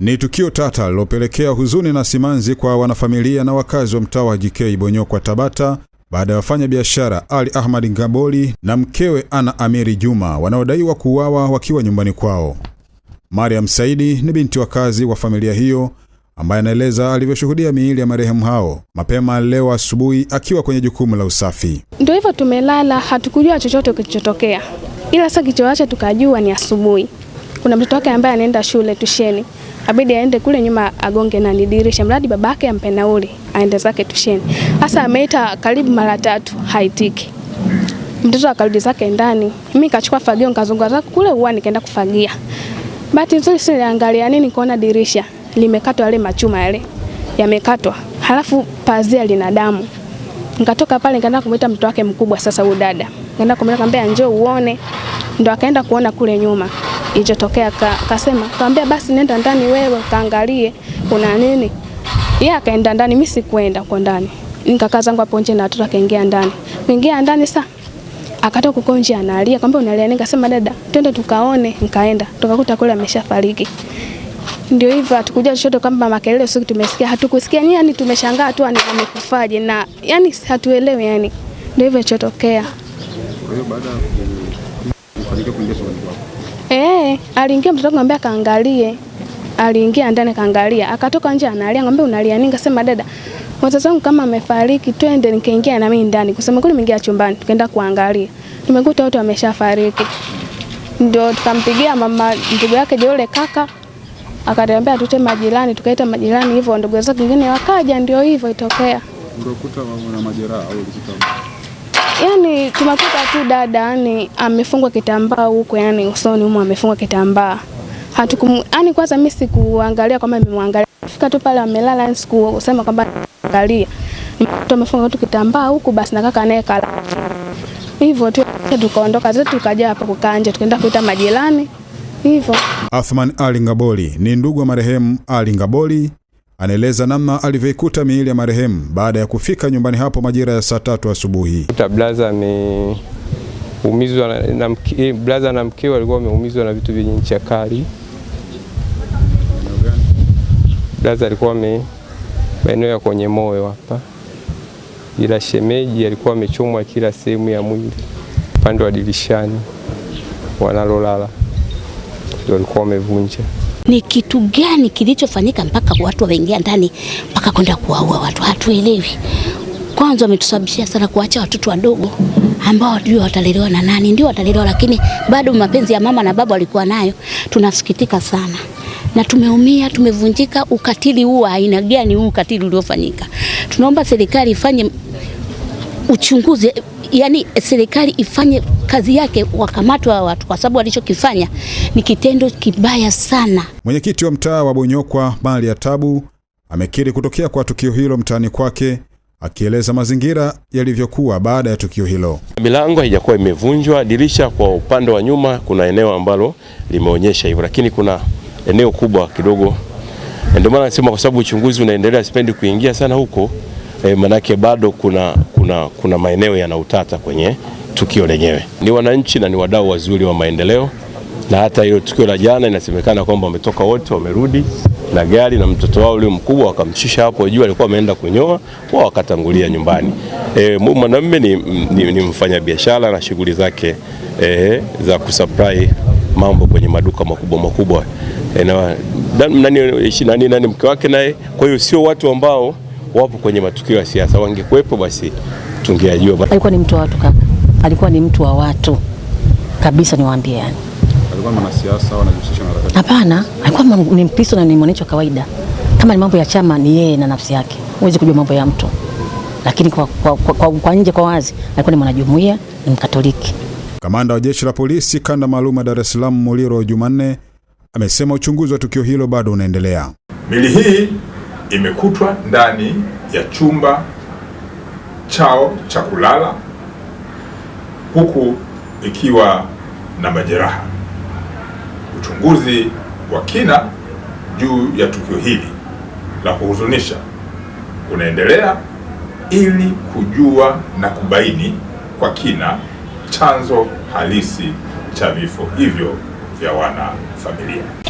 Ni tukio tata lilopelekea huzuni na simanzi kwa wanafamilia na wakazi wa mtaa wa JK Bonyokwa, Tabata baada ya wafanya biashara Ali Ahmad Ngaboli na mkewe Ana Amiri Juma wanaodaiwa kuuawa wakiwa nyumbani kwao. Mariam Saidi ni binti wakazi wa familia hiyo ambaye anaeleza alivyoshuhudia miili ya marehemu hao mapema leo asubuhi akiwa kwenye jukumu la usafi. Ndio hivyo, tumelala hatukujua chochote kilichotokea, ila sasa kichoacha tukajua ni asubuhi kuna mtoto wake ambaye anaenda shule tusheni abidi aende kule nyuma agonge na nidirisha, mradi babake ampe nauli aende zake tusheni. Sasa ameita karibu mara tatu, haitiki. Mtoto akarudi zake ndani, mimi kachukua fagio nikazunguka zake kule uani, nikaenda kufagia. Bahati nzuri si niangalia nini, kuona dirisha limekatwa, yale machuma yale yamekatwa, halafu pazia lina damu. Nikatoka pale nikaenda kumuita mtoto wake mkubwa, sasa huyu dada, nikaenda kumwambia njoo uone, ndo akaenda kuona kule nyuma ilichotokea Kasema kaambia basi nenda ndani wewe kaangalie kuna nini. Yeye akaenda ndani, mimi sikwenda kwa ndani, nikakaa zangu hapo nje na watoto. Akaingia ndani, kuingia ndani sasa akatoka huko nje analia, kaambia unalia nini? Kasema dada, twende tukaone. Nikaenda tukakuta kule ameshafariki. Ndio hivyo, hatukuja chochote kwamba makelele usiku tumesikia, hatukusikia nini, yani tumeshangaa tu, yaani amekufaje na yani hatuelewi, yani ndio hivyo chotokea. Kwa hiyo baada ya kufanyika kuingia shuleni kwako Eh, aliingia mtoto wangu ambaye kaangalie. Aliingia ndani kaangalia, akatoka nje analia, ngambia unalia nini? Kasema dada, mtoto wangu kama amefariki, twende. Nikaingia na mimi ndani. Kusema kweli, nimeingia chumbani, tukaenda kuangalia. Nimekuta watu wameshafariki. Ndio tukampigia mama ndugu yake yule kaka akaniambia tute majirani, tukaita majirani hivyo, ndugu zake wengine wakaja, ndio hivyo itokea. Ndio Ulikuta na majeraha au kitu yani tumekuta tu dada yani amefungwa kitambaa huko yani usoni humo amefungwa kitambaa. Hatukum yani kwanza mimi sikuangalia kama nimemwangalia. Fika tu pale amelala yani sikusema kwamba angalia. Mtu amefungwa tu kitambaa huko basi na kaka naye kala. Hivyo tu tukaondoka zetu tukaja hapa kukaa nje tukaenda kuita majirani. Hivyo. Athman Ali Ngaboli ni ndugu wa marehemu Ali Ngaboli anaeleza namna alivyoikuta miili ya marehemu baada ya kufika nyumbani hapo majira ya saa tatu asubuhi. Blaza ameumizwa na eh, blaza na mkeo walikuwa wameumizwa na vitu vyenye ncha kali. Blaza alikuwa ame maeneo ya kwenye moyo hapa, ila shemeji alikuwa amechomwa kila sehemu ya mwili, upande wa dirishani wanalolala ndio walikuwa wamevunja ni kitu gani kilichofanyika mpaka watu waingia ndani mpaka kwenda kuwaua watu, hatuelewi. Kwanza wametusababishia sana kuacha watoto wadogo ambao hatujui watalelewa na nani, ndio watalelewa, lakini bado mapenzi ya mama na baba walikuwa nayo. Tunasikitika sana na tumeumia, tumevunjika. Ukatili huu aina gani huu ukatili uliofanyika? Tunaomba serikali ifanye uchunguzi, yani serikali ifanye kazi yake wakamatwa watu, kwa sababu walichokifanya ni kitendo kibaya sana. Mwenyekiti wa mtaa wa Bonyokwa ya Tabu amekiri kutokea kwa tukio hilo mtaani kwake, akieleza mazingira yalivyokuwa baada ya tukio hilo. Milango haijakuwa imevunjwa, dirisha kwa upande wa nyuma kuna eneo ambalo limeonyesha hivyo, lakini kuna eneo kubwa kidogo, e, ndio maana nasema kwa sababu uchunguzi unaendelea, sipendi kuingia sana huko e, manake bado kuna, kuna, kuna maeneo yana utata kwenye tukio lenyewe. Ni wananchi na ni wadau wazuri wa maendeleo, na hata hiyo tukio la jana inasemekana kwamba wametoka wote, wamerudi na gari na mtoto wao ule mkubwa wakamshusha hapo juu, alikuwa ameenda kunyoa, wao wakatangulia nyumbani. E, mwanamume ni, ni, ni mfanyabiashara na shughuli zake e, za kusupply mambo kwenye maduka makubwa makubwa e, na, nani, nani, nani mke wake naye. Kwa hiyo sio watu ambao wapo kwenye matukio ya siasa, wangekuwepo basi tungeajua. Alikuwa ni mtu wa watu kama alikuwa ni mtu wa watu kabisa, niwaambie yani. Alikuwa mwanasiasa au anajihusisha na harakati? Hapana, alikuwa ni Mkristo na ni mwananchi wa kawaida. Kama ni mambo ya chama ni yeye na nafsi yake, huwezi kujua mambo ya mtu. Lakini kwa, kwa, kwa, kwa, kwa nje kwa wazi alikuwa ni mwanajumuiya, ni Mkatoliki. Kamanda wa Jeshi la Polisi kanda maalum ya Dar es Salaam Muliro Jumanne amesema uchunguzi wa tukio hilo bado unaendelea. Mili hii imekutwa ndani ya chumba chao cha kulala huku ikiwa na majeraha. Uchunguzi wa kina juu ya tukio hili la kuhuzunisha unaendelea ili kujua na kubaini kwa kina chanzo halisi cha vifo hivyo vya wanafamilia